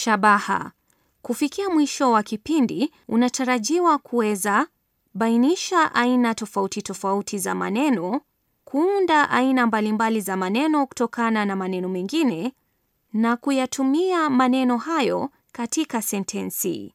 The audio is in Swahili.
Shabaha: kufikia mwisho wa kipindi, unatarajiwa kuweza bainisha aina tofauti tofauti za maneno, kuunda aina mbalimbali za maneno kutokana na maneno mengine, na kuyatumia maneno hayo katika sentensi.